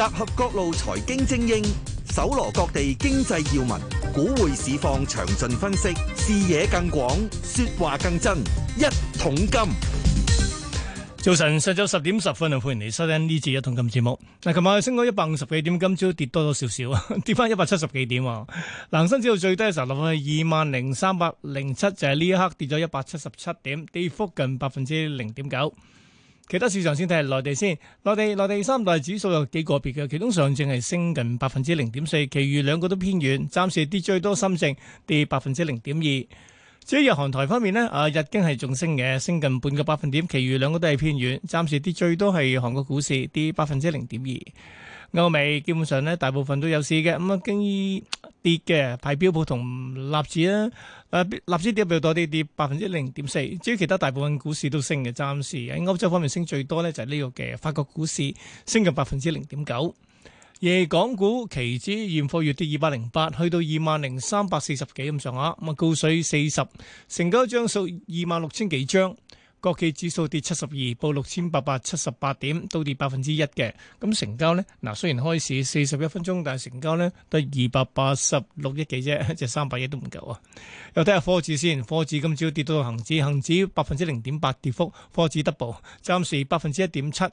集合各路財經精英，搜羅各地經濟要聞，股匯市況詳盡分析，視野更廣，說話更真。一桶金，早晨，上晝十點十分啊，歡迎嚟收聽呢次一桶金節目。嗱，琴日升咗一百五十幾點，今朝跌多 跌多少少啊，跌翻一百七十幾點啊。恒生指數最低嘅時候落去二萬零三百零七，就係呢一刻跌咗一百七十七點，跌幅近百分之零點九。其他市場先睇下內地先。內地內地三大指數有幾個別嘅，其中上證係升近百分之零點四，其餘兩個都偏軟。暫時跌最多深證跌百分之零點二。至於日韓台方面呢，啊日經係仲升嘅，升近半個百分點，其餘兩個都係偏軟。暫時跌最多係韓國股市跌百分之零點二。歐美基本上呢，大部分都有市嘅，咁啊經。跌嘅，睇標普同納指啦，誒，納指跌比較多啲，跌百分之零點四。至於其他大部分股市都升嘅，暫時喺歐洲方面升最多咧，就係呢個嘅法國股市升咗百分之零點九。夜港股期指現貨月跌二百零八，去到二萬零三百四十幾咁上下，咁啊高水四十，成交張數二萬六千幾張。國企指數跌七十二，報六千八百七十八點，都跌百分之一嘅。咁成交呢？嗱，雖然開市四十一分鐘，但係成交呢得二百八十六億幾啫，即係三百億都唔夠啊。又睇下科指先，科指今朝跌到恒指，恒指百分之零點八跌幅，科指得報暫時百分之一點七。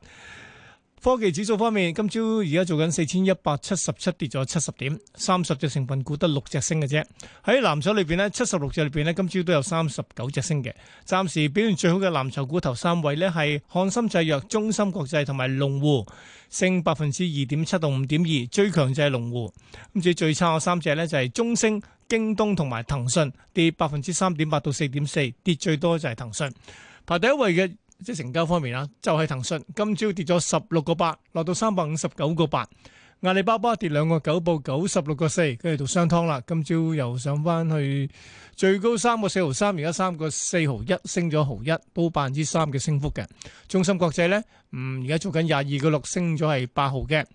科技指數方面，今朝而家做緊四千一百七十七，跌咗七十點，三十隻成分股得六隻升嘅啫。喺藍籌裏邊呢，七十六隻裏邊呢，今朝都有三十九隻升嘅。暫時表現最好嘅藍籌股頭三位呢，係漢森製藥、中芯國際同埋龍湖，升百分之二點七到五點二，最強就係龍湖。咁至最差嘅三隻呢，就係中升、京東同埋騰訊，跌百分之三點八到四點四，跌最多就係騰訊。排第一位嘅。即係成交方面啦，就係、是、騰訊今朝跌咗十六個八，落到三百五十九個八。阿里巴巴跌兩個九，報九十六個四，跟住到商湯啦。今朝又上翻去最高三個四毫三，而家三個四毫一，升咗毫一，都百分之三嘅升幅嘅。中芯國際呢，嗯，而家做緊廿二個六，升咗係八毫嘅。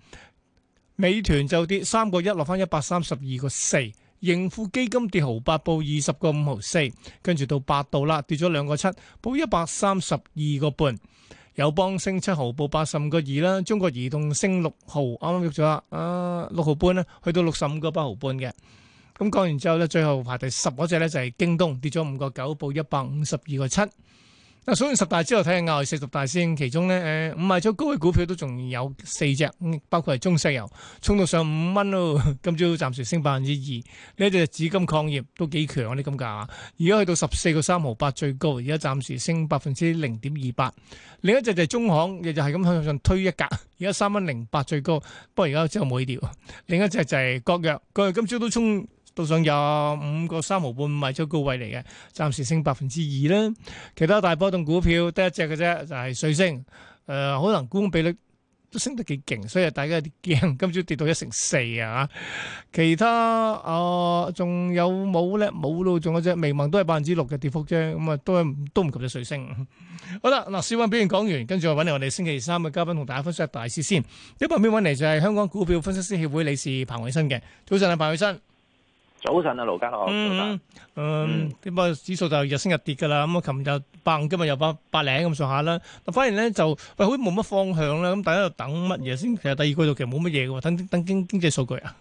美團就跌三個一，1, 落翻一百三十二個四。盈富基金跌毫八，報二十個五毫四，跟住到百度啦，跌咗兩個七，報一百三十二個半。友邦升七毫，報八十五個二啦。中國移動升六毫，啱啱喐咗啦，啊六毫半啦，去到六十五個八毫半嘅。咁講完之後咧，最後排第十嗰隻咧就係京東，跌咗五個九，報一百五十二個七。嗱，數完十大之後睇下亞匯四十大先，其中咧，誒，五萬抽高位股票都仲有四隻，包括係中石油，衝到上五蚊咯，今朝暫時升百分之二。呢一隻紫金礦業都幾強啊，啲金價，而家去到十四個三毫八最高，而家暫時升百分之零點二八。另一隻就係中行，亦就係咁向上推一格，而家三蚊零八最高，不過而家之後冇掉。另一隻就係國藥，佢今朝都衝。都上廿五個三毫半，賣出高位嚟嘅，暫時升百分之二啦。其他大波動股票得一隻嘅啫，就係瑞星。誒，可能股比率都升得幾勁，所以大家有啲驚，今朝跌到一成四啊。其他啊，仲有冇咧？冇咯，仲有隻明盟都係百分之六嘅跌幅啫。咁啊，都都唔及隻瑞星。好啦，嗱，小品表現講完，跟住我搵嚟我哋星期三嘅嘉賓同大家分享大市先。喺旁邊搵嚟就係香港股票分析師協會理事彭偉新嘅。早上啊，彭偉新。早晨啊，盧家樂、嗯。嗯嗯，點解指數就日升日跌噶啦？咁啊，琴日百五，今日又百八零咁上下啦。反而咧就喂，好似冇乜方向啦。咁大家又等乜嘢先？其實第二季度其實冇乜嘢嘅，等等經經濟數據啊。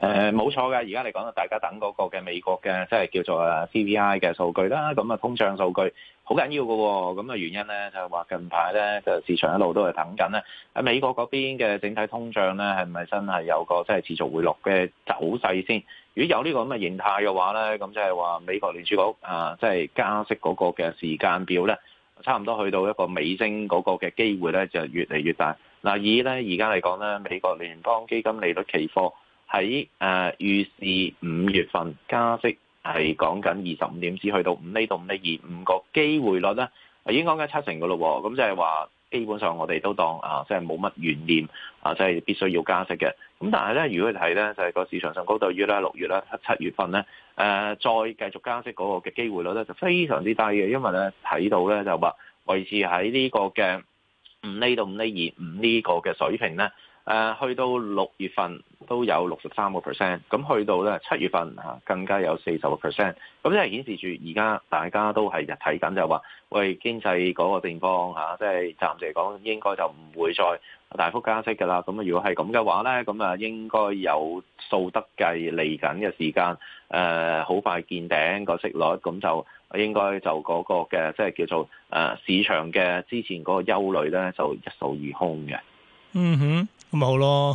誒、呃，冇錯噶。而家嚟講，啊，大家等嗰個嘅美國嘅即係叫做啊 CPI 嘅數據啦。咁、那、啊、個，通脹數據好緊要嘅。咁啊，原因咧就話近排咧就市場一路都係等緊咧，喺美國嗰邊嘅整體通脹咧係咪真係有個即係持續回落嘅走勢先？如果有呢個咁嘅形態嘅話咧，咁就係話美國聯儲局啊，即、就、係、是、加息嗰個嘅時間表咧，差唔多去到一個尾聲嗰個嘅機會咧，就越嚟越大。嗱、啊，以咧而家嚟講咧，美國聯邦基金利率期貨喺誒、啊、預示五月份加息係講緊二十五點子去到五厘到五厘二五，個機會率咧已經講緊七成嘅咯。咁就係話基本上我哋都當啊，即係冇乜懸念。即係必須要加息嘅，咁但係咧，如果你睇咧就係、是、個市場上高到於咧六月咧七月份咧，誒、呃、再繼續加息嗰個嘅機會率咧就非常之低嘅，因為咧睇到咧就話維持喺呢個嘅五厘到五厘二五呢個嘅水平咧，誒、呃、去到六月份都有六十三個 percent，咁去到咧七月份嚇、啊、更加有四十個 percent，咁即係顯示住而家大家都係日睇緊就話，喂，經濟嗰個地方嚇，即、啊、係、就是、暫時嚟講應該就唔會再。大幅加息㗎啦，咁啊如果係咁嘅話咧，咁啊應該有數得計嚟緊嘅時間，誒好快見頂個息率，咁就應該就嗰個嘅即係叫做誒市場嘅之前嗰個憂慮咧，就一掃而空嘅。嗯哼，咁咪好咯，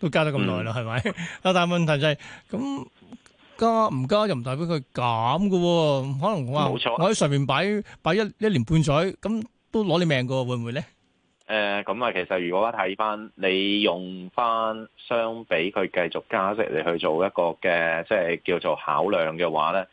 都加咗咁耐啦，係咪？但係問題就係咁加唔加又唔代表佢減㗎，可能我話，冇錯，我喺上面擺擺一一年半載，咁都攞你命㗎喎，會唔會咧？誒，咁啊、呃，其實如果睇翻你用翻相比佢繼續加息嚟，去做一個嘅，即係叫做考量嘅話咧，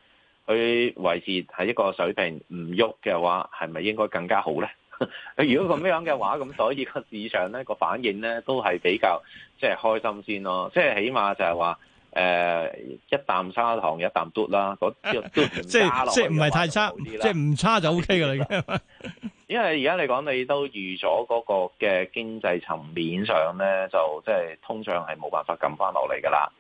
佢維持喺一個水平唔喐嘅話，係咪應該更加好咧？ 如果咁樣嘅話，咁所以個市場咧個反應咧都係比較即係開心先咯。即係起碼就係話誒，一啖砂糖一啖嘟啦，嗰、那個、 即係即係唔係太差，即係唔差就 OK 噶啦。 因為而家你講，你都預咗嗰個嘅經濟層面上咧，就即係通脹係冇辦法撳翻落嚟㗎啦。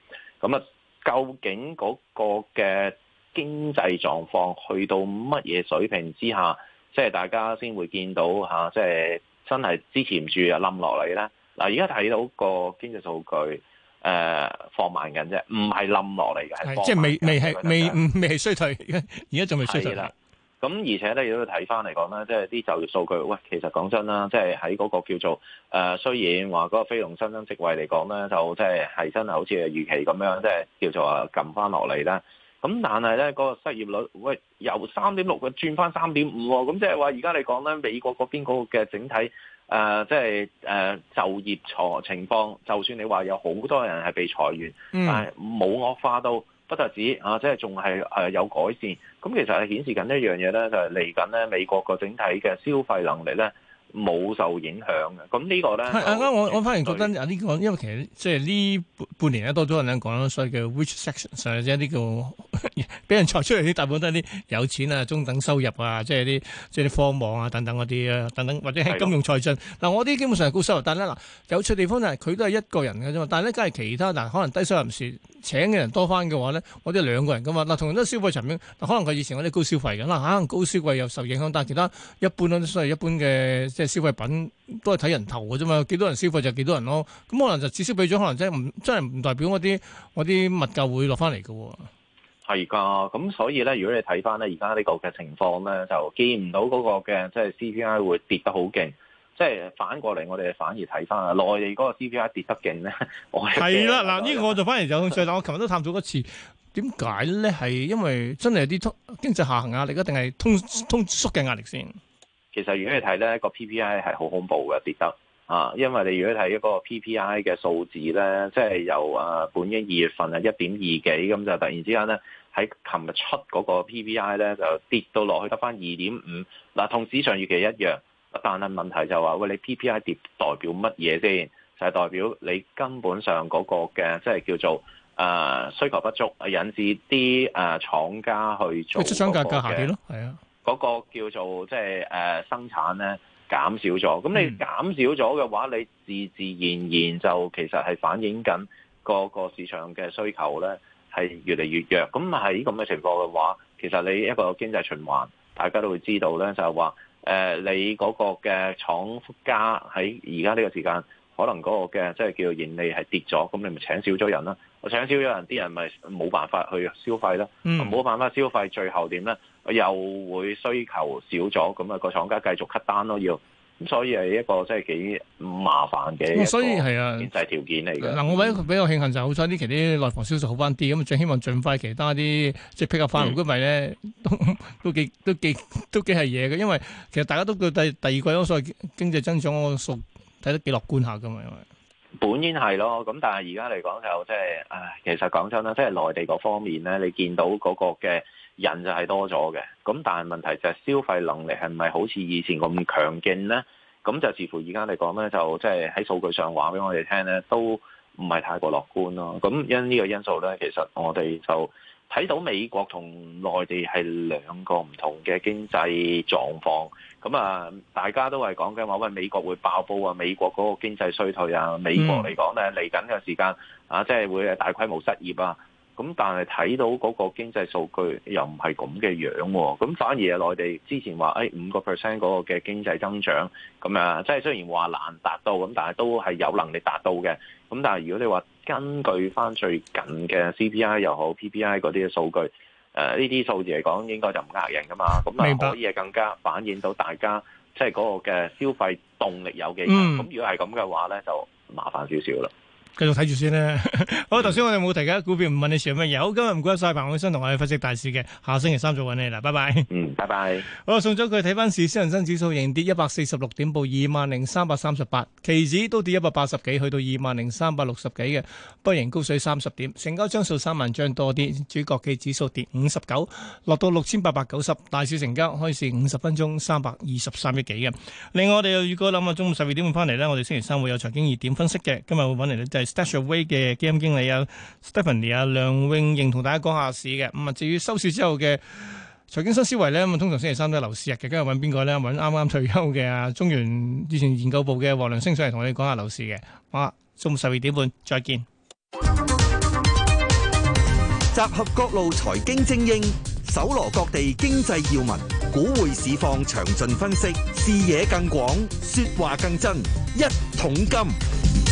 咁啊，究竟嗰個嘅經濟狀況去到乜嘢水平之下，即係大家先會見到嚇、啊，即係真係支持唔住啊冧落嚟咧。嗱，而家睇到個經濟數據，誒、呃、放慢緊啫，唔係冧落嚟嘅，即係未未係的未未係衰退，而家仲未衰退。咁而且咧亦都睇翻嚟講咧。即係啲就業數據，喂，其實講真啦，即係喺嗰個叫做誒、呃，雖然話嗰個非農新增職位嚟講咧，就即係係真係好似預期咁樣，即係叫做啊，撳翻落嚟啦。咁但係咧，個失業率喂由三點六嘅轉翻三點五喎，咁即係話而家嚟講咧，美國嗰邊嗰個嘅整體誒，即係誒就業錯情況，就算你話有好多人係被裁員，嗯、但係冇惡化到。不特止啊？即係仲係誒有改善咁，其實係顯示緊一樣嘢咧，就係嚟緊咧美國個整體嘅消費能力咧。冇受影響。嘅，咁呢個咧，我以我反而覺得啊呢、這個，因為其實即係呢半年咧多咗人講啦，所以叫 which section 上嘅一啲叫俾 人裁出嚟，啲大部分都係啲有錢啊、中等收入啊，即係啲即係啲科網啊等等嗰啲啊，等等、啊、等、等或者係金融財政嗱的、嗯，我啲基本上係高收入，但係嗱有趣地方就係佢都係一個人嘅啫嘛，但係咧，梗係其他嗱、呃，可能低收入時請嘅人多翻嘅話咧，我哋兩個人㗎嘛嗱，同樣都消費層面、呃，可能佢以前嗰啲高消費嘅嗱，可、呃、能高消費又受影響，但係其他一般咧都一般嘅。即係消費品都係睇人頭嘅啫嘛，幾多人消費就係幾多人咯。咁、嗯、可能就至少比咗，可能真係唔真係唔代表嗰啲啲物價會落翻嚟嘅。係㗎，咁所以咧，如果你睇翻咧而家呢個嘅情況咧，就見唔到嗰、那個嘅即、就、係、是、CPI 會跌得好勁。即係反過嚟，我哋反而睇翻啊，內地嗰個 CPI 跌得勁咧。係啦，嗱的呢這個我就反而有興趣，但 我琴日都探討一次，點解咧係因為真係有啲通經濟下行壓力一定係通通縮嘅壓力先？其實如果你睇咧個 PPI 係好恐怖嘅，跌得啊，因為你如果睇一個 PPI 嘅數字咧，即係由啊本應二月份啊一點二幾咁就突然之間咧喺琴日出嗰個 PPI 咧就跌到落去得翻二點五，嗱同市場預期一樣，但係問題就話、是、喂你 PPI 跌代表乜嘢先？就係、是、代表你根本上嗰個嘅即係叫做誒、呃、需求不足，引致啲誒、呃、廠家去做出廠價格價下跌咯，係啊。嗰個叫做即係、呃、生產咧減少咗，咁你減少咗嘅話，你自自然然就其實係反映緊個個市場嘅需求咧係越嚟越弱。咁喺咁嘅情況嘅話，其實你一個經濟循環，大家都會知道咧，就係、是、話、呃、你嗰個嘅廠家喺而家呢個時間，可能嗰個嘅即係叫做盈利係跌咗，咁你咪請少咗人啦，我請少咗人，啲人咪冇辦法去消費啦，冇、嗯、辦法消費，最後點咧？又會需求少咗，咁啊個廠家繼續 cut 單咯，要咁所以係一個即係幾麻煩嘅、嗯，所以係啊經濟條件嚟嘅。嗱、嗯，我比較比較慶幸就好彩呢期啲內房銷售好翻啲，咁最希望盡快其他啲即係配合翻樓居委咧，都都,都,都,都,都,都,都,都,都幾都幾都幾係嘢嘅。因為其實大家都對第二季都所謂經濟增長我數睇得幾樂觀下㗎嘛，因為本應係咯，咁但係而家嚟講就即係唉，其實講真啦，即係內地嗰方面咧，你見到嗰個嘅。人就係多咗嘅，咁但係問題就係消費能力係咪好似以前咁強勁咧？咁就似乎而家嚟講咧，就即係喺數據上話俾我哋聽咧，都唔係太過樂觀咯。咁因呢個因素咧，其實我哋就睇到美國同內地係兩個唔同嘅經濟狀況。咁啊，大家都係講緊話喂，美國會爆煲啊，美國嗰個經濟衰退啊，美國嚟講咧嚟緊嘅時間啊，即係會係大規模失業啊。咁但係睇到嗰個經濟數據又唔係咁嘅樣喎。哦，咁反而係內地之前話誒五個 percent 嗰個嘅經濟增長，咁啊，即係雖然話難達到，咁但係都係有能力達到嘅。咁但係如果你話根據翻最近嘅 CPI 又好 PPI 嗰啲嘅數據，呢、呃、啲數字嚟講，應該就唔呃人噶嘛。明白。咁啊可以係更加反映到大家即係嗰個嘅消費動力有幾高。咁、嗯、如果係咁嘅話咧，就麻煩少少啦。繼續睇住先啦。 好，頭先、嗯、我哋冇提嘅股票，唔問你選乜嘢。好，今日唔該晒彭永生同我哋分析大市嘅。下星期三再揾你啦，拜拜。嗯，拜拜。我送咗佢睇翻市，恒生指數跌一百四十六點，報二萬零三百三十八，期指都跌一百八十幾，去到二萬零三百六十幾嘅，報盈高水三十點，成交張數三萬張多啲。主角嘅指數跌五十九，落到六千八百九十，大市成交開市五十分鐘三百二十三億幾嘅。另外我哋又如果諗下中午十二點翻嚟呢，我哋星期三會有財經熱點分析嘅，今日會揾嚟 Stashaway 嘅基金經理啊 Stephanie 啊梁穎瑩同大家講下市嘅，咁啊至於收市之後嘅財經新思維咧，咁通常星期三都係樓市日嘅，今日揾邊個咧？揾啱啱退休嘅啊中原之前研究部嘅黃良升上嚟，同你講下樓市嘅。好啦，中午十二點半再見。集合各路財經精英，搜羅各地經濟要聞，股匯市況詳盡分析，視野更廣，說話更真，一桶金。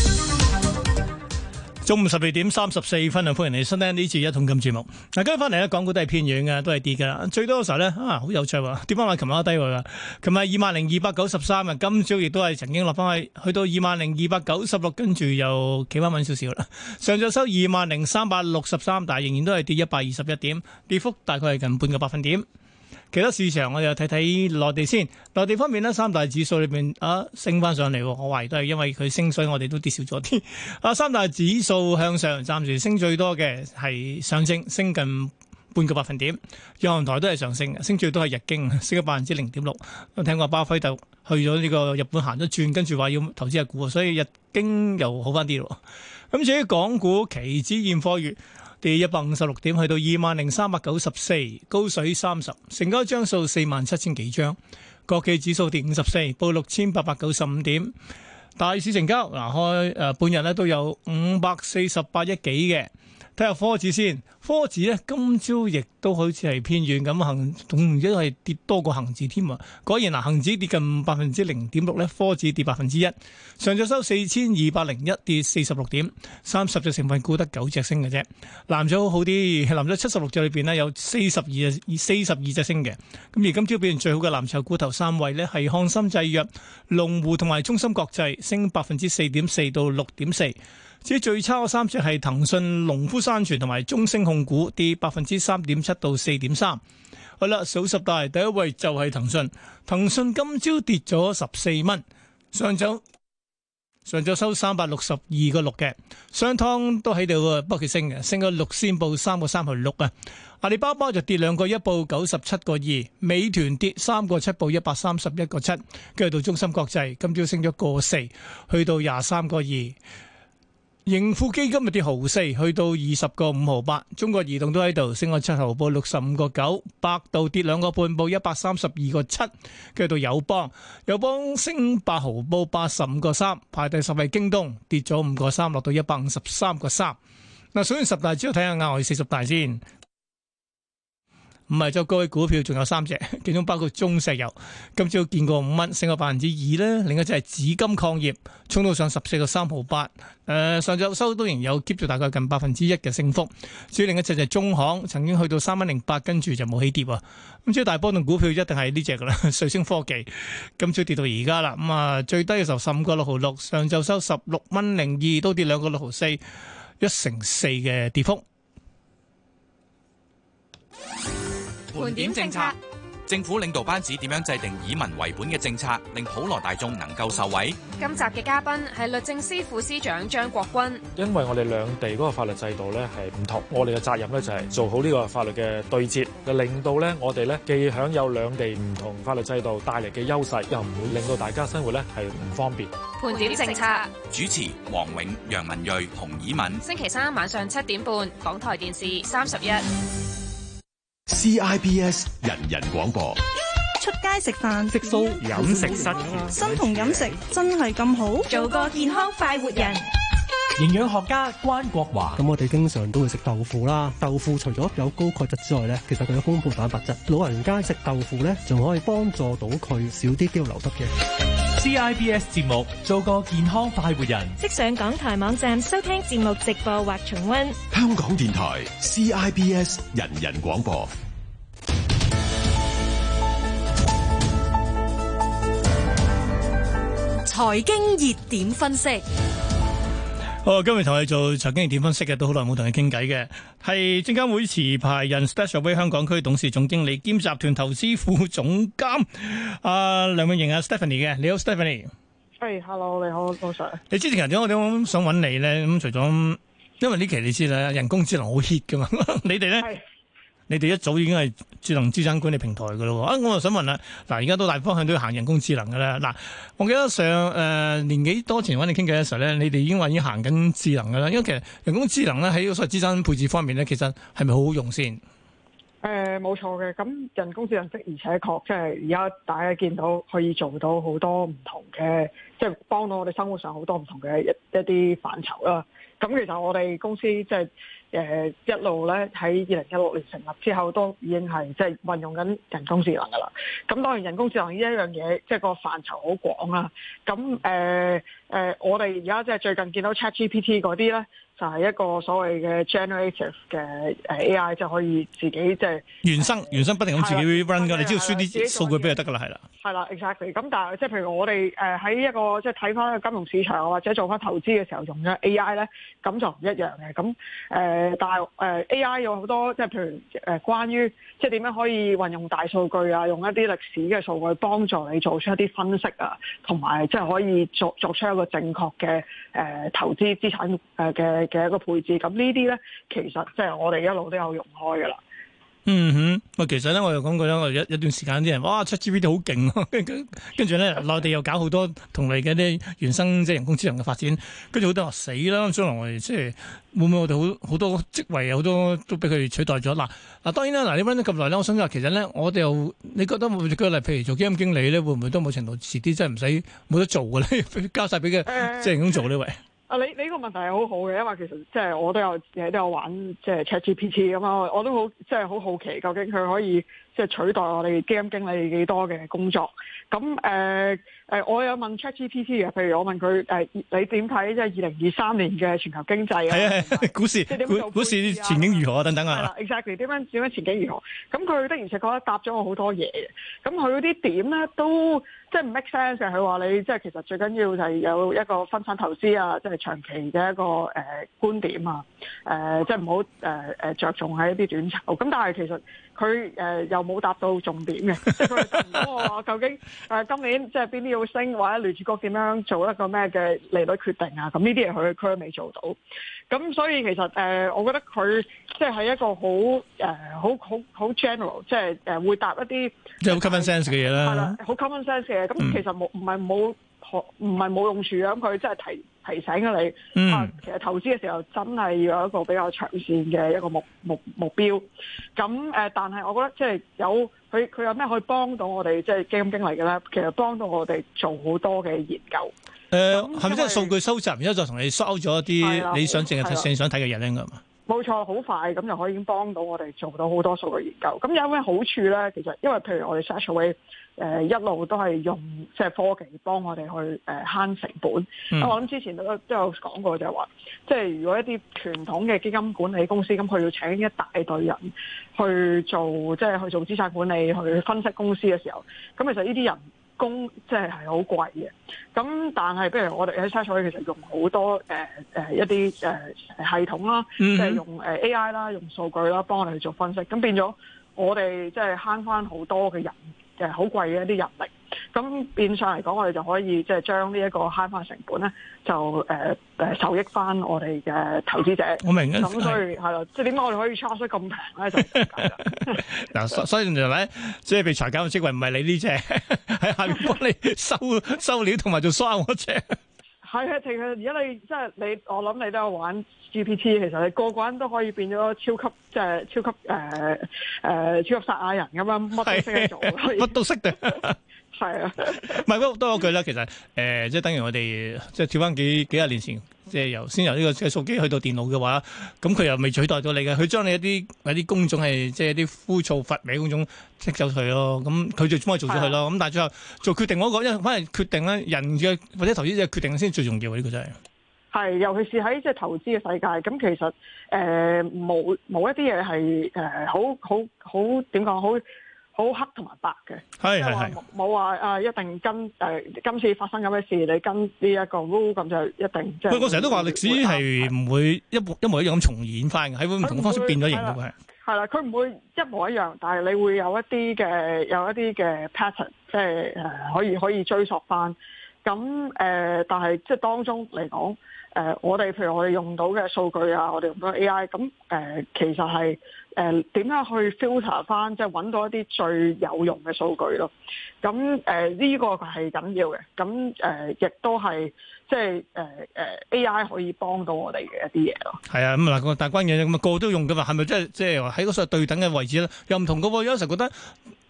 中午十二點三十四分啊，歡迎嚟收聽呢次一桶金節目。嗱，跟住翻嚟呢，港股都係偏軟嘅，都係跌㗎啦。最多嘅時候呢，啊，好有趣喎，跌翻落琴日嘅低位啦。琴日二萬零二百九十三啊，今朝亦都係曾經落翻去，去到二萬零二百九十六，跟住又企翻穩少少啦。上晝收二萬零三百六十三，但仍然都係跌一百二十一點，跌幅大概係近半個百分點。其他市場我哋又睇睇內地先，內地方面呢，三大指數裏面啊，升翻上嚟，我懷疑都係因為佢升水，所以我哋都跌少咗啲。啊，三大指數向上，暫時升最多嘅係上證，升近半個百分點。央行台都係上升，升最多係日經，升咗百分之零點六。我聽過巴菲特去咗呢個日本行咗轉，跟住話要投資日股，所以日經又好翻啲咯。咁至於港股期指現貨月。跌一百五十六點，去到二萬零三百九十四，高水三十，成交張數四萬七千幾張。國企指數跌五十四，報六千八百九十五點。大市成交嗱，開誒半日咧都有五百四十八億幾嘅。睇下科指先，科指呢，今朝亦都好似係偏軟咁行，總然之係跌多過恆指添啊！果然嗱，恆指跌近百分之零點六呢，科指跌百分之一。上晝收四千二百零一，跌四十六點，三十隻成分股得九隻升嘅啫。藍籌好啲，藍籌七十六隻裏邊呢，有四十二、四十二隻升嘅。咁而今朝表現最好嘅藍籌股頭三位呢，係翰森製藥、龍湖同埋中心國際，升百分之四點四到六點四。至於最差嘅三隻係騰訊、農夫山泉同埋中升控股，跌百分之三點七到四點三。好啦，數十大第一位就係騰訊，騰訊今朝跌咗十四蚊，上早上早收三百六十二個六嘅，商湯都喺度啊，不過佢升嘅，升咗六先報三個三毫六啊。阿里巴巴就跌兩個一，報九十七個二，美團跌三個七，報一百三十一個七，跟住到中芯國際今朝升咗個四，去到廿三個二。.盈富基金咪跌毫四，去到二十個五毫八。中國移動都喺度升個七毫，報六十五個九。百度跌兩個半，報一百三十二個七。跟到友邦，友邦升八毫，報八十五個三。排第十位，京東，跌咗五個三，落到一百五十三個三。嗱，數完十大之後要睇下額外四十大先。唔係就各位股票仲有三隻，其中包括中石油，今朝見過五蚊，升過百分之二啦。另一隻係紫金礦業，衝到上十四個三毫八。誒，上晝收都仍有 keep 住大概近百分之一嘅升幅。至於另一隻就係中行，曾經去到三蚊零八，跟住就冇起跌啊。咁最大波動股票一定係呢隻㗎啦，瑞星科技，今朝跌到而家啦。咁、嗯、啊，最低嘅時候十五個六毫六，上晝收十六蚊零二，都跌兩個六毫四，一成四嘅跌幅。盤點政策，政府領導班子點樣制定以民為本嘅政策，令普羅大眾能夠受惠？今集嘅嘉賓係律政司副司長張國鈞。因為我哋兩地嗰個法律制度咧係唔同，我哋嘅責任咧就係做好呢個法律嘅對接，就令到咧我哋咧既享有兩地唔同法律制度帶嚟嘅優勢，又唔會令到大家生活咧係唔方便。盤點政策，主持黃永、楊文睿、洪以敏。星期三晚上七點半，港台電視三十一。CIBS，人人廣播，出街食飯食飲食飯、嗯、食素飲食失衡，身同飲食真係咁好，做個健康快活人。營養學家關國華，咁我哋經常都會食豆腐啦。豆腐除咗有高鈣質之外咧，其實佢有豐富蛋白質。老人家食豆腐咧，仲可以幫助到佢少啲肌肉流得嘅。CIBS 節目，做個健康快活人，即上港台網站收聽節目直播或重溫。香港電台 CIBS 人人廣播，財經熱點分析。我今日同你做財經點分析嘅，都好耐冇同你傾偈嘅，係證監會持牌人 StashAway 香港區董事總經理兼集團投資副總監，阿、呃、梁永盈啊 Stephanie 嘅，你好 Stephanie，係 Sorry , Hello 你好，早晨 Sir。你之前人先我點想揾你咧？咁除咗因為呢期你知啦，人工智能好 hit 噶嘛，你哋咧？你哋一早已經係智能資產管理平台㗎咯喎，啊，我又想問啦，嗱，而家都大方向都要行人工智能㗎啦，嗱、啊，我記得上誒、呃、年幾多前揾你傾偈嘅時候咧，你哋已經話已經行緊智能㗎啦，因為其實人工智能咧喺個所謂資產配置方面咧，其實係咪好好用先？誒、呃，冇錯嘅，咁人工智能的而且確即係而家大家見到可以做到好多唔同嘅。即係幫到我哋生活上好多唔同嘅一一啲範疇啦。咁其實我哋公司即係一路咧喺二零一六年成立之後，都已經係即係運用緊人工智能噶啦。咁當然人工智能呢一樣嘢，即係個範疇好廣啊。咁誒、呃呃、我哋而家即係最近見到 ChatGPT 嗰啲咧。就係一個所謂嘅 generative 嘅 AI 就可以自己即係、就是、原生原生不停咁自己 run 㗎，你只要輸啲數據俾就得㗎啦，係啦，係啦，exactly。咁 ex 但係即係譬如我哋誒喺一個即係睇翻個金融市場或者做翻投資嘅時候用咗 AI 咧，咁就唔一樣嘅。咁誒但係誒、呃呃、AI 有好多即係譬如誒、呃、關於即係點樣可以運用大數據啊，用一啲歷史嘅數據幫助你做出一啲分析啊，同埋即係可以作作出一個正確嘅誒投資資產誒嘅。呃嘅一個配置，咁呢啲咧，其實即係我哋一路都有用開噶啦。嗯哼，喂，其實咧，我又講過我有一,一段時間啲人話，哇，出 GPT 都好勁， 跟跟跟住咧，內地 又搞好多同類嘅啲原生即係、就是、人工智能嘅發展，跟住好多話死啦，將來我哋即係會唔會我哋好好多職位好多都俾佢取代咗？嗱、啊、嗱，當然啦，嗱你問咗咁耐咧，我想話其實咧，我哋又你覺得舉例，譬如做基金經理咧，會唔會都冇程度遲啲即係唔使冇得做嘅咧？ 交晒俾佢，即、就、係、是、人工做呢位。 啊！你你呢個問題係好好嘅，因為其實即係、就是、我都有嘢都有玩，即係 ChatGPT 咁樣，G P、T, 我都好即係好好奇，究竟佢可以。即係取代我哋基金經理幾多嘅工作？咁誒誒，我有問 ChatGPT 嘅，譬如我問佢誒、呃，你點睇即係二零二三年嘅全球經濟啊？係啊，嗯、股市，股市前景如何啊？等等啊？係啦，exactly 點樣點樣前景如何？咁佢的而且確答咗我好多嘢。咁佢嗰啲點咧都即係唔 make sense。佢話你即係其實最緊要就係有一個分散投資啊，即係長期嘅一個誒、呃、觀點啊，誒、呃、即係唔好誒誒着重喺一啲短炒。咁但係其實。佢誒、 呃、又冇答到重點嘅、就是 呃，即係佢答究竟誒今年即係邊啲要升，或者聯儲局點樣做一個咩嘅利率決定啊？咁呢啲嘢佢佢都未做到。咁所以其實誒、呃，我覺得佢即係喺一個好誒好、呃、好好 general，即係誒會答一啲即係好 common sense 嘅嘢啦。係啦，好 common sense 嘅，咁、嗯、其實冇唔係冇。唔係冇用處，咁佢真係提提醒咗你、嗯啊、其實投資嘅時候真係要有一個比較長線嘅一個目目目標。咁、呃、但係我覺得即係有佢佢有咩可以幫到我哋即係基金經理嘅咧？其實幫到我哋做好多嘅研究。誒係咪即係數據收集，然之後就同你收咗一啲你想淨係的想睇嘅嘢咧？咁冇錯，好快咁就可以幫到我哋做到好多數據研究。咁有咩好處咧？其實因為譬如我哋 search way。誒一路都係用即係科技幫我哋去誒慳成本。Mm hmm. 我諗之前都都有講過就，就係話，即係如果一啲傳統嘅基金管理公司咁，佢要請一大堆人去做，即係去做資產管理、去分析公司嘅時候，咁其實呢啲人工即係好貴嘅。咁但係，譬如我哋喺交其實用好多誒、呃呃、一啲誒、呃、系統啦，即係用 A.I. 啦，用數據啦，幫我哋去做分析，咁變咗我哋即係慳翻好多嘅人。誒好貴嘅一啲人力，咁變相嚟講我哋就可以即係將呢一個慳翻成本咧，就誒誒受益翻我哋嘅投資者。我明啦，咁所以係咯，即係點解我哋可以 charge 得咁平咧？就嗱， 所以就係咧，即係被裁減嘅職位唔係你呢隻，係下面幫你收 收料同埋做收嗰隻。係啊，其實而家你即係你，我諗你都有玩 GPT，其實你個個人都可以變咗超級即係超級誒誒、呃呃、超級撒亞人咁樣，乜都識得做，乜的以都識嘅，係啊！唔係，不過多一句啦，其實誒、呃、即係等於我哋即係跳翻幾幾廿年前。即係由先由呢個計數機去到電腦嘅話，咁佢又未取代到你嘅，佢將你一啲一啲工種係即係一啲枯燥乏味嗰種剔走佢咯。咁佢最可以做咗佢咯。咁的但係最後做決定嗰、那個，因為反決定咧，人嘅或者投資者決定先最重要呢、這個真係。係，尤其是喺即係投資嘅世界，咁其實誒冇冇一啲嘢係誒好好好點講好。好好黑同埋白嘅，係係係冇話一定跟，呃、今次發生咁嘅事，你跟呢一個 rule 咁就一定即係。唔係，我成日都話歷史係唔會一模一模一樣咁重現翻嘅，喺唔的同嘅方式變咗形嘅係。係啦，佢唔會，會一模一樣，但係你會有一啲嘅有一啲嘅 pattern，即係、呃、可以可以追溯翻。咁、呃、但係即係當中嚟講。誒，我哋、呃、譬如我哋用到嘅數據啊，我哋用到 AI，咁誒、呃、其實係誒點樣去 filter 翻，即係揾到一啲最有用嘅數據咯、啊。咁誒呢個係緊要嘅。咁誒、呃、亦都係即係誒誒 AI 可以幫到我哋嘅一啲嘢咯。係啊，咁嗱個但係關鍵咁啊，那個、個,個都要用嘅嘛，係咪即係即係喺個上對等嘅位置咧？又唔同嘅喎，有陣時覺得。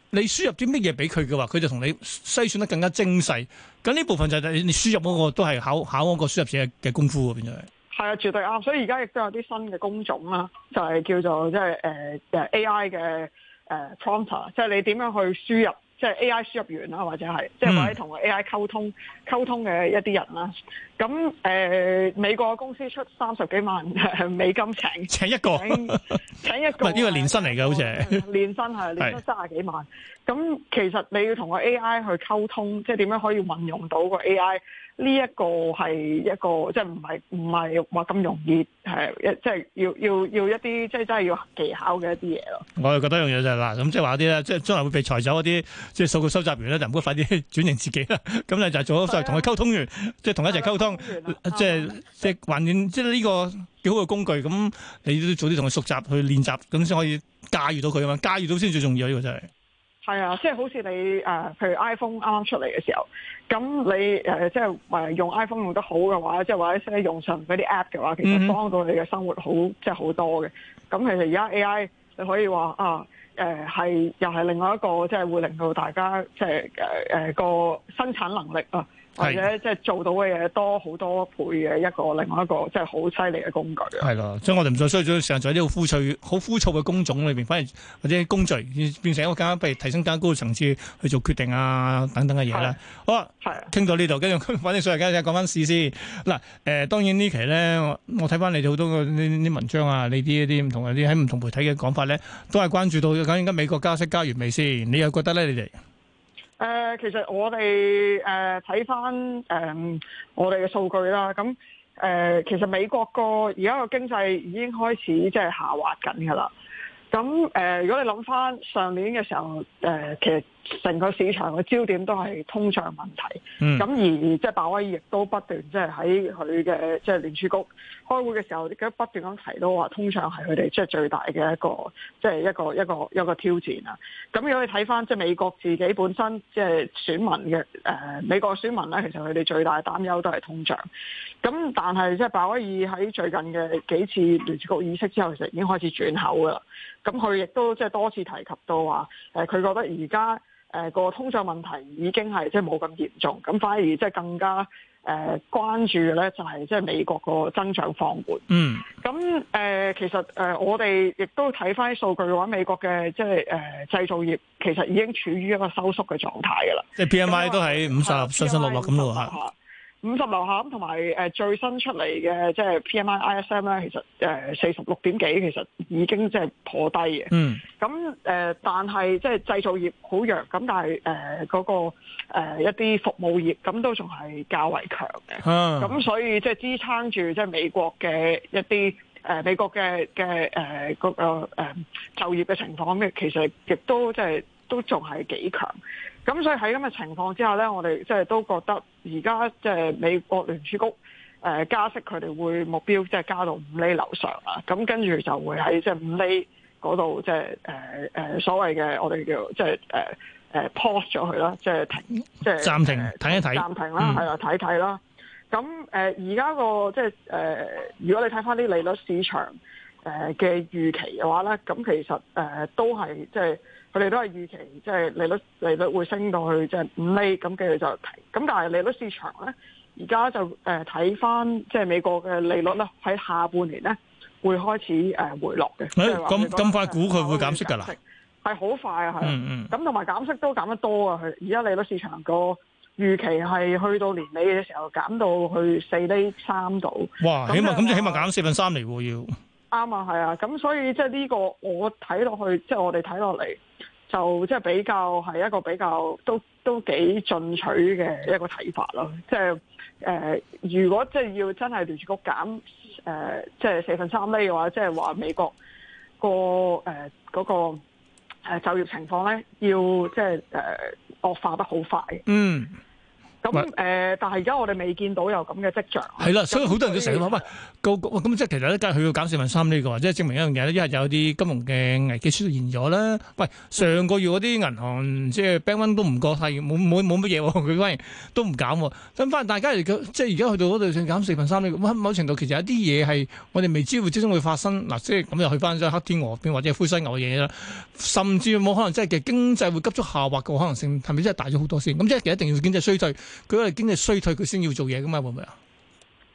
你輸入啲乜嘢俾佢嘅話，佢就同你篩選得更加精細。咁呢部分就係你輸入嗰個都係考考嗰個輸入者嘅功夫變咗係。係啊，絕對啱。所以而家亦都有啲新嘅工種啦，就係、是、叫做即係、就、誒、是、誒、uh, A I 嘅誒、uh, prompter，即係你點樣去輸入。即係 A.I. 輸入員啦，或者係即係或者同 A.I. 溝通、嗯、溝通嘅一啲人啦。咁誒、呃，美國公司出三十幾萬美金請請一個請一個，呢 個年薪嚟嘅好似係年薪係年薪三十幾萬。咁是其實你要同個 A.I. 去溝通，即係點樣可以運用到個 A.I. 呢一個係一個即係唔係唔係話咁容易係一即係要要要一啲即係真係要技巧嘅一啲嘢咯。我又覺得一樣嘢就係嗱咁即係話啲咧，即係將來會被裁走嗰啲即係數據收集員咧，就唔好快啲轉型自己啦。咁你就係做咗同佢溝通完，即係同佢一齊溝通，啊、通即係即係還原即係呢個幾好嘅工具。咁你都早啲同佢熟習去練習，咁先可以駕馭到佢啊嘛。駕馭到先最重要呢個真係。這個就是係啊，即係好似你誒、呃，譬如 iPhone 啱啱出嚟嘅時候，咁你誒、呃、即係用 iPhone 用得好嘅話，即係或者識用上嗰啲 app 嘅話，其實幫到你嘅生活好即係好多嘅。咁其實而家 AI 你可以話啊係、呃、又係另外一個即係會令到大家即係誒誒個生產能力啊。或者即係做到嘅嘢多好多倍嘅，一個另外一個即係好犀利嘅工具。係啦，所以我哋唔再需要，成日做呢個枯燥、好枯燥嘅工種裏邊，反而或者工具變成一個更加，譬如提升更加高嘅層次去做決定啊等等嘅嘢啦。好啊，傾到呢度，跟住反正所以而家講翻事先嗱，誒，當然呢期咧，我睇翻你哋好多嘅呢啲文章啊，你啲一啲唔同嘅啲喺唔同媒體嘅講法咧，都係關注到究竟而家美國加息加完未先？你又覺得咧，你哋？誒、呃，其實我哋誒睇翻誒我哋嘅數據啦，咁、呃、誒其實美國個而家個經濟已經開始即係下滑緊㗎啦。咁、呃、誒，如果你諗翻上年嘅時候，誒、呃、其實。成個市場嘅焦點都係通脹問題，咁、嗯、而即係鮑威爾亦都不斷即係喺佢嘅即係聯儲局開會嘅時候，都不斷咁提到話通脹係佢哋即係最大嘅一個即係一個一個一個挑戰啊。咁如果你睇翻即係美國自己本身即係選民嘅、呃、美國選民咧，其實佢哋最大嘅擔憂都係通脹。咁但係即係鮑威爾喺最近嘅幾次聯儲局議息之後，其實已經開始轉口噶啦。咁佢亦都即係多次提及到話，誒佢覺得而家。誒個通脹問題已經係即係冇咁嚴重，咁反而即係更加誒關注嘅咧，就係即係美國個增長放緩。嗯，咁誒其實誒我哋亦都睇翻啲數據嘅話，美國嘅即係誒製造業其實已經處於一個收縮嘅狀態㗎啦。即係 P M I 都喺五十上上落落咁咯嚇。五十樓下同埋誒最新出嚟嘅即係 PMI、ISM 咧，其實誒四十六點幾，其實已經即係破低嘅。嗯。咁、呃、但係即係製造業好弱，咁但係誒嗰個、呃、一啲服務業，咁都仲係較為強嘅。咁、啊、所以即係、就是、支撐住即係美國嘅一啲、呃、美國嘅嘅嗰個就業嘅情況咧，其實亦都即係、就是、都仲係幾強。咁所以喺咁嘅情況之下咧，我哋即係都覺得而家即係美國聯儲局誒、呃、加息，佢哋會目標即係加到五厘樓上啊！咁跟住就會喺即係五厘嗰度即係誒所謂嘅我哋叫即係誒 pause 咗佢啦，即係、呃、停，即係暫停睇一睇，暫停啦，係啦、嗯，睇睇啦。咁而家個即係誒、呃，如果你睇翻啲利率市場誒嘅預期嘅話咧，咁其實誒、呃、都係即係。我哋都係預期，即、就、係、是、利率利率會升到去即係五厘，咁佢就提。咁但係利率市場咧，而家就誒睇翻，即、呃、係美國嘅利率咧，喺下半年咧會開始誒、呃、回落嘅。咁咁、欸、快估佢會減息㗎啦？係好快是啊，係、嗯嗯。咁同埋減息都減得多啊！佢而家利率市場個預期係去到年尾嘅時候減到去四厘三度。哇嘩！起碼咁即起碼減四分三厘、啊、要。啱啊，係啊，咁所以即係呢個我睇落去，即係我哋睇落嚟，就即係比較係一個比較都都幾進取嘅一個睇法咯。即係誒，如果即係要真係聯儲局減誒，即係四分三厘嘅話，即係話美國個誒嗰個就業情況咧，要即係誒惡化得好快。嗯。咁誒那喂、呃，但係而家我哋未見到有咁嘅跡象。係啦，所以好多人都成日話喂，個咁即係其實咧，今日佢要減四分三呢、這個，即係證明一樣嘢因為有啲金融嘅危機出現咗啦。喂、嗯，上個月嗰啲銀行即係冰溫都唔過，係冇乜嘢，佢反而都唔減。咁反而大家嚟講，即係而家去到嗰度先減四分三呢？咁某程度其實有啲嘢係我哋未知會之中會發生。嗱，即係咁又去翻咗黑天鵝邊或者灰犀牛嘅嘢啦。甚至冇可能即係嘅經濟會急速下滑嘅可能性係咪真係大咗好多先？咁即係一定要經濟衰退。佢係經濟衰退，佢先要做嘢噶嘛，會唔會啊？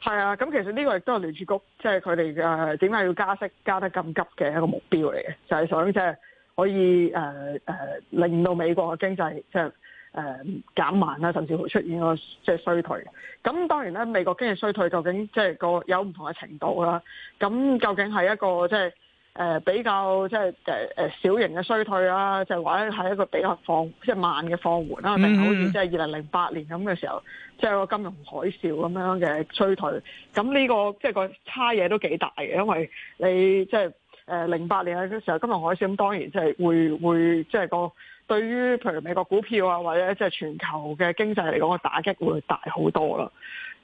係啊，咁其實呢個亦都係聯儲局即係佢哋嘅點解要加息加得咁急嘅一個目標嚟嘅，就係、是、想即係、就是、可以誒誒、呃呃、令到美國嘅經濟即係誒減慢啦，甚至乎出現個即係衰退。咁當然咧，美國經濟衰退究竟即係個有唔同嘅程度啦。咁究竟係一個即係。就是誒、呃、比較即係誒小型嘅衰退啦、啊，就係話咧係一個比較放即係慢嘅放緩啦、啊，定、mm hmm. 好似即係二零零八年咁嘅時候，即、就、係、是、個金融海嘯咁樣嘅衰退。咁呢、這個即係、就是、個差嘢都幾大嘅，因為你即係誒零八年嗰時候金融海嘯，咁當然即係會會即係個對於譬如美國股票啊，或者即係全球嘅經濟嚟講個打擊會大好多啦。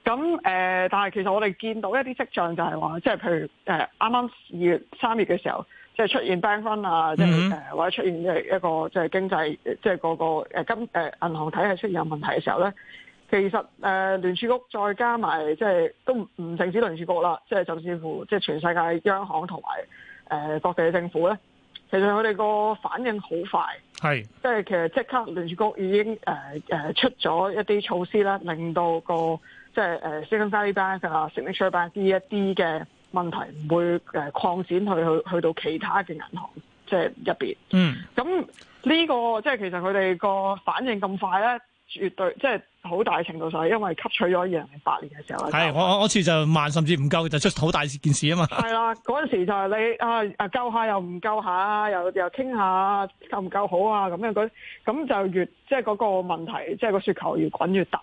咁誒、呃，但係其實我哋見到一啲跡象就，就係話，即係譬如誒，啱啱二月三月嘅時候，即係出現 bank run 啊，mm hmm. 即係、呃、或者出現一一個即係經濟，即係個個、啊、金誒、啊、銀行體系出現有問題嘅時候咧，其實誒、呃、聯儲局再加埋，即係都唔淨止聯儲局啦，即係甚至乎即係全世界央行同埋誒各地嘅政府咧，其實佢哋個反應好快，是即係其實即刻聯儲局已經、呃、出咗一啲措施啦，令到個。即係誒 Citibank 啊，Citibank 呢一啲嘅問題唔會擴展去去去到其他嘅銀行，即係入邊。嗯，咁呢個即係其實佢哋個反應咁快咧，絕對即係好大程度上係因為吸取咗二零零八年嘅時候啦。對就係、我我次就慢，甚至唔夠就出好大件事啊嘛。係 啦，嗰陣時就係你啊啊，夠下又唔夠下，又又傾下夠唔夠好啊咁樣咁就越即係嗰個問題，即係個雪球越滾越大。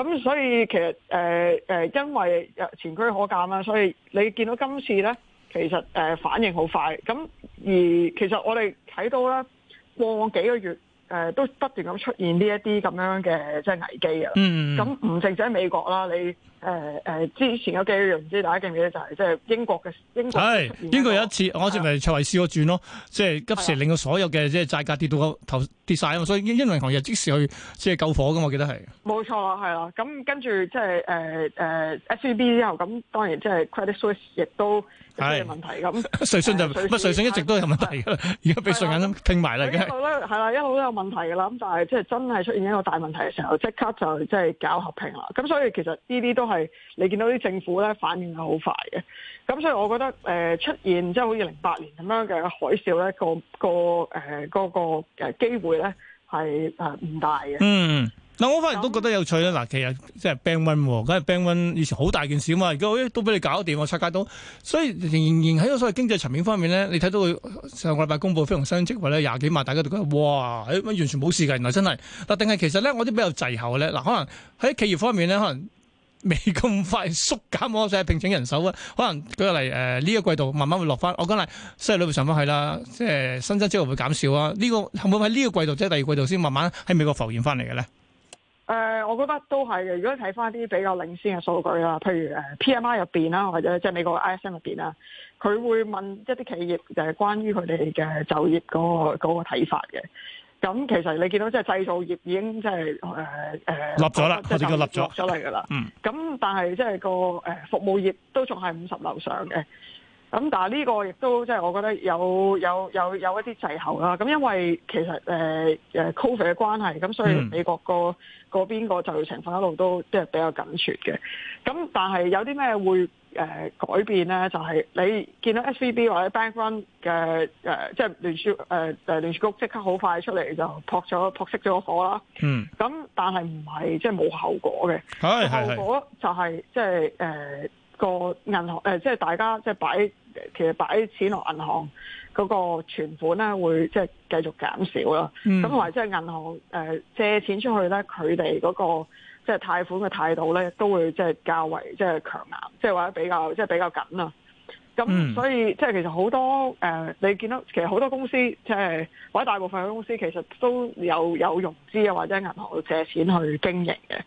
咁所以其實、呃呃、因為前車可鑒啦，所以你見到今次咧，其實、呃、反應好快。咁而其實我哋睇到咧，過往往幾個月、呃、都不斷咁出現呢一啲咁樣嘅即係危機啊。嗯。咁唔淨止喺美國啦，你。誒誒，之前有幾樣，唔知大家記唔記得，就係即係英國嘅英國。係英國有一次，我好似咪卓慧思嗰轉咯，即係急時令到所有嘅即係債價跌到個頭跌晒啊嘛，所以英英倫行業即時去即係救火噶嘛，我記得係。冇錯，係啦。咁跟住即係誒誒，SVB 之後，咁當然即係 Credit Suisse 亦都有啲問題。咁瑞信就乜？瑞信一直都有問題，而家俾瑞銀都拼埋啦，而家一路咧係啦，一路都有問題噶啦。咁但係即係真係出現一個大問題嘅時候，即刻就即係搞合併啦。咁所以其實呢啲都。係你見到啲政府咧反應係好快嘅，咁所以我覺得誒、呃、出現即係好似零八年咁樣嘅海嘯咧，個個誒嗰、呃、個誒機會咧係誒唔大嘅。嗯，嗱我反而都覺得有趣咧。嗱、嗯，其實即係 bank run，梗係 bank run，以前好大件事嘛。而家都俾你搞掂，我拆解到，所以仍然喺嗰所謂經濟層面方面咧，你睇到佢上個禮拜公佈非農新職或者廿幾萬，大家都覺得哇，咦、欸、完全冇事㗎，原來真係。但定係其實咧，我啲比較滯後咧，嗱，可能喺企業方面咧，可能。未咁快縮減我，我再聘請人手啊，可能舉例誒呢一個季度慢慢會落翻。我講係西里會上翻去啦，即、呃、係新增之後會減少啊。呢、這個會唔會喺呢個季度即係、就是、第二季度先慢慢喺美國浮現翻嚟嘅咧？誒、呃，我覺得都係嘅。如果睇翻啲比較領先嘅數據啊，譬如誒 P M I 入邊啦，或者即係美國 I S M 入邊啦，佢會問一啲企業誒、就是、關於佢哋嘅就業嗰、那個嗰、那個睇法嘅。咁其實你見到即係，製造業已經即係誒誒立咗啦，或者佢立嘅咗出嚟㗎啦。咁、嗯、但係即係個誒服務業都仲係五十樓上嘅。咁但係呢個亦都即係我覺得有有有有一啲滯後啦。咁因為其實誒、呃、Covid 嘅關係，咁所以美國個個、嗯、邊個就情況一路都即係比較緊缺嘅。咁但係有啲咩會誒、呃、改變咧？就係、是、你見到 S V B 或者 Bank Run 嘅誒，即、呃、係、就是、聯儲誒聯、呃、儲局即刻好快出嚟就撲咗撲熄咗火啦。嗯。咁但係唔係即係冇後果嘅。係係。後果就係即係誒個銀行即係、呃就是、大家即係、就是、擺。其實擺錢落銀行嗰個存款咧，會即係繼續減少啦。咁、嗯、或者即係銀行誒借錢出去咧，佢哋嗰個即係貸款嘅態度咧，都會即係較為即係強硬，即係或者比較即係比較緊啦。咁、嗯、所以即係其實好多誒，你見到其實好多公司即係或者大部分嘅公司，其實都有有融資啊，或者銀行借錢去經營嘅。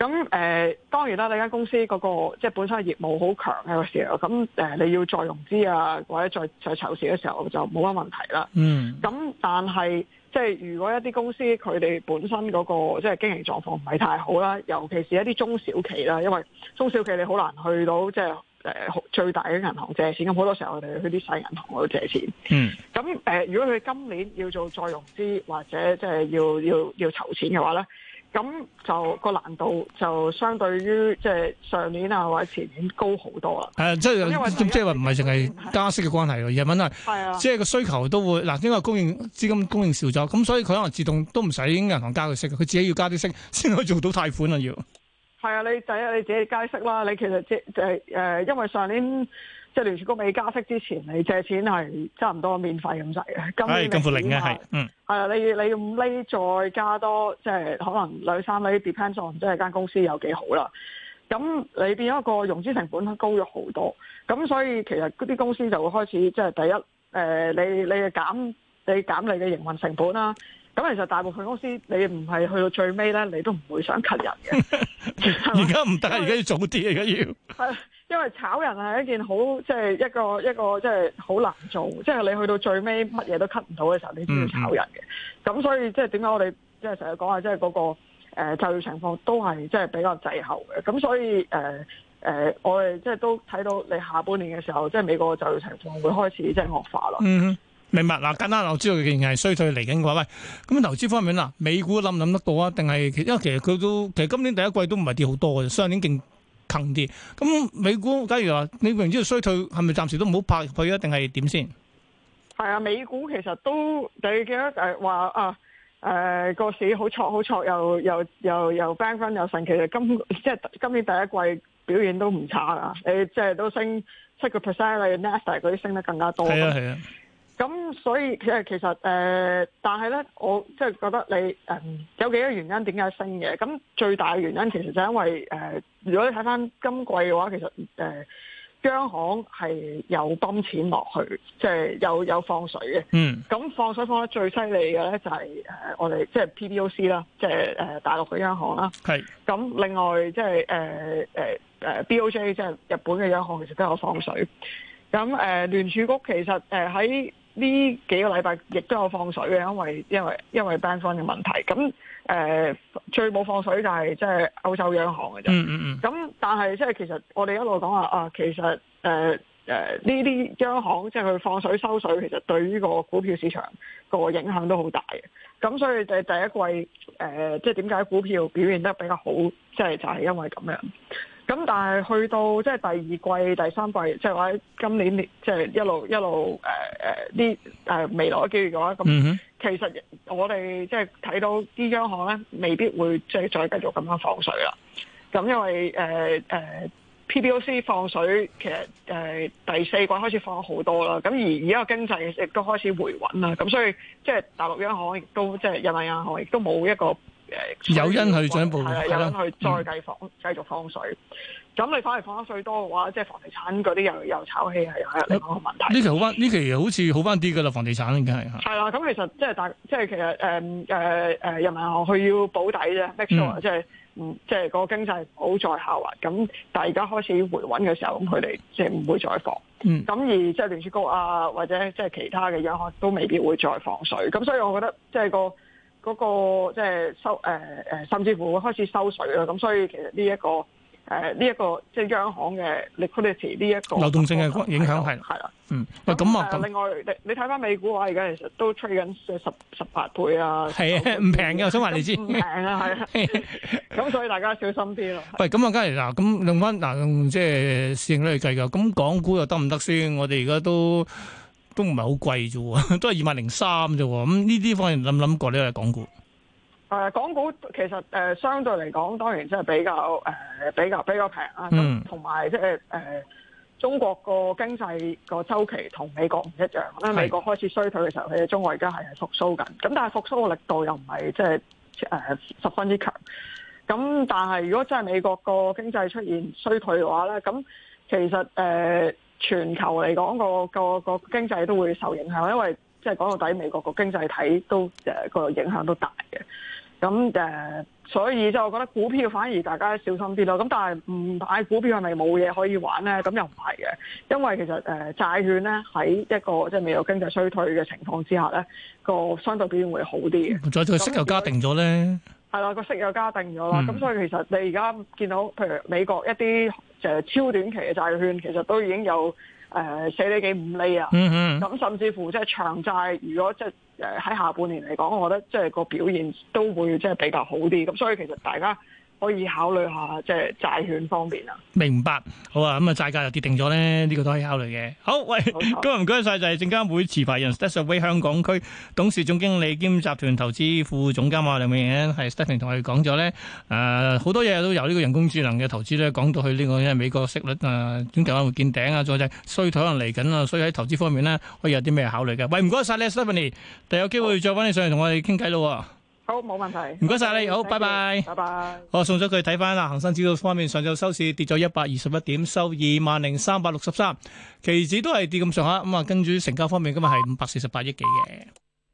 咁誒、呃，當然啦，你間公司嗰、那個即係本身業務好強嘅時候，咁、呃、你要再融資啊，或者再再籌錢嘅時候就冇乜問題啦。嗯、mm.。咁但係即係如果一啲公司佢哋本身嗰、那個即係經營狀況唔係太好啦，尤其是一啲中小企啦，因為中小企你好難去到即係、呃、最大嘅銀行借錢，咁好多時候我哋去啲細銀行度借錢。嗯、mm.。咁、呃、如果佢今年要做再融資或者即係要要要籌錢嘅話咧？咁就個難度就相對於即係上年啊或者前年高好多啦。係，即係即係話唔係淨係加息嘅關係咯，而係即係個需求都會嗱，因為供應，資金供應少咗，咁所以佢可能自動都唔使銀行加佢息，佢自己要加啲息先可以做到貸款啊。要係啊，你第一你自己加息啦，你其實即係、呃、因為上年。即係聯儲局未加息之前，你借錢係差唔多免費咁滯嘅。係近乎零嘅係，嗯，係啊，你你五厘再加多，即係可能兩三厘，depends on 即係間公司有幾好啦。咁你變咗個融資成本高咗好多。咁所以其實嗰啲公司就會開始，即係第一，誒、呃，你你減，你減你減你嘅營運成本啦。咁其實大部分公司你唔係去到最尾咧，你都唔會想吸人嘅。而家唔得，而家為要做啲，而家要。 因為炒人係一件好，即係一個一個即係好難做，即係你去到最尾乜嘢都 cut 唔到嘅時候，你都要炒人嘅。咁、嗯嗯、所以即係點解我哋即係成日講話，即係嗰個誒、呃、就業情況都係即係比較滯後嘅。咁所以誒誒、呃呃，我哋即係都睇到你下半年嘅時候，即係美國嘅就業情況會開始即係惡化啦。嗯，明白。嗱，簡單我知道佢既然係衰退嚟緊嘅話，喂，咁投資方面啦，美股諗唔諗得到啊？定係因為其實佢都其實今年第一季都唔係跌好多嘅，上年勁。強啲，咁美股假如話你明知道衰退，係咪暫時都唔好拍佢啊？定係點先？係啊，美股其實都你記得誒話、呃、啊，誒、呃、個市好挫好挫，又又又又 bank 翻又神奇嘅，今即係今年第一季表現都唔差啊！你即係都升七個 percent 啦 Nasdaq 嗰啲升得更加多。係啊係啊。咁所以其實、呃、但係咧，我即係覺得你、嗯、有幾個原因點解升嘅？咁最大嘅原因其實就因為、呃、如果你睇翻今季嘅話，其實誒、呃、央行係有泵錢落去，即、就、係、是、有有放水嘅。嗯。咁放水放得最犀利嘅咧，就係、是、我哋即係 PBOC 啦，即、就、係、是呃、大陸嘅央行啦。咁是另外即係 BOJ，即係日本嘅央行其實都有放水。咁、呃、聯儲局其實喺、呃呢幾個禮拜亦都有放水嘅，因為因為因為 bank run 嘅問題。咁誒、呃、最冇放水就係即係歐洲央行嘅啫。咁、嗯嗯嗯、但係即係其實我哋一路講話啊，其實誒誒呢啲央行即係佢放水收水，其實對於呢個股票市場個影響都好大嘅。咁所以就係第第一季誒即係點解股票表現得比較好，即係就係、是、因為咁樣。咁但係去到即係第二季、第三季，即係話今年即係一路一路誒啲誒未來嘅機會嘅話，咁其實我哋即係睇到啲央行咧，未必會即係再繼續咁樣放水啦。咁因為 PBOC 放水，其實第四季開始放好多啦。咁而而家個經濟亦都開始回穩啦。咁所以即係大陸央行亦都即係人民銀行亦都冇一個。有因去進步，係有因去再計放、嗯、繼續放水，咁你反而放得最多嘅話，即係房地產嗰啲又又炒氣係係、啊、另一個問題。呢期好翻，呢期好似好翻啲㗎啦，房地產應該係。係啦，咁其實即係大，即係其實誒誒誒，人民行佢要保底啫、嗯、，make sure 即、就、係、是、嗯，即、就、係、是這個經濟唔好再下滑。咁但係而家開始回穩嘅時候，咁佢哋即係唔會再放。咁、嗯、而即係聯儲局啊，或者即係其他嘅央行都未必會再放水。咁所以，我覺得即係、就是這個。嗰、那個即係收誒誒、呃，甚至乎會開始收水啦。咁所以其實呢、這、一個誒呢一個即係央行嘅 liquidity 呢一個，個流動性嘅影響係係啦。對了嗯，喂咁啊。另外你睇翻美股話，而家其實都吹緊即十十八倍啊。係啊，唔平嘅，我想話你知唔平啊？係啊。咁 所以大家小心啲咯。喂， 咁啊，梗係嗱咁用翻嗱用即係市盈率嚟計嘅，咁港股又得唔得先？我哋而家都。都唔係好貴啫，都係二萬零三啫。咁呢啲方面諗唔諗過咧，港股。誒、呃，港股其實誒、呃、相對嚟講，當然即係比較誒、呃、比較比較平啊。嗯。同埋即係誒，中國個經濟個週期同美國唔一樣。係。美國開始衰退嘅時候，佢哋中國而家係係復甦緊。咁但係復甦嘅力度又唔係即係誒十分之強。咁但係如果真係美國個經濟出現衰退嘅話咧，咁其實誒。呃全球嚟講，個個個，個經濟都會受影響，因為即係講到底，美國個經濟體都誒個影響都大嘅。咁誒、呃，所以即係我覺得股票反而大家小心啲咯。咁但係唔買股票係咪冇嘢可以玩咧？咁又唔係嘅，因為其實誒、呃、債券咧喺一個即係未有經濟衰退嘅情況之下咧，個相對表現會好啲嘅。再就係息又加定咗咧。係啦，個息又加定咗啦，咁所以其實你而家見到譬如美國一啲、呃、超短期嘅債券，其實都已經有誒、呃、四厘幾五厘啊，咁甚至乎即係長債，如果即係誒喺下半年嚟講，我覺得即係個表現都會即係比較好啲，咁所以其實大家，可以考慮下即係、就是、債券方面啊！明白，好啊！咁、嗯、啊，債價又跌定咗咧，呢、這個都可以考慮嘅。好，喂，錯今日唔該晒，就係證監會持牌人 Stephanie、嗯、香港區董事總經理兼集團投資副總監啊，梁美燕、嗯、係 Stephanie 同我哋講咗咧，誒、呃、好多嘢都由呢個人工智能嘅投資咧，講到去呢個因為美國息率啊，短期可能會見頂啊，再者衰退可能嚟緊啊，所以喺投資方面咧可以有啲咩考慮嘅？喂，唔該晒呢 s,、嗯、Stephanie，第日有機會再揾你上嚟同我哋傾偈咯。好，冇問題。唔該晒你，好，拜拜，拜拜。我送咗佢睇翻啦。恒生指數方面，上晝收市跌咗一百二十一點，收二萬零三百六十三，期指都係跌咁上下。咁啊，跟住成交方面，今日係五百四十八億幾嘅。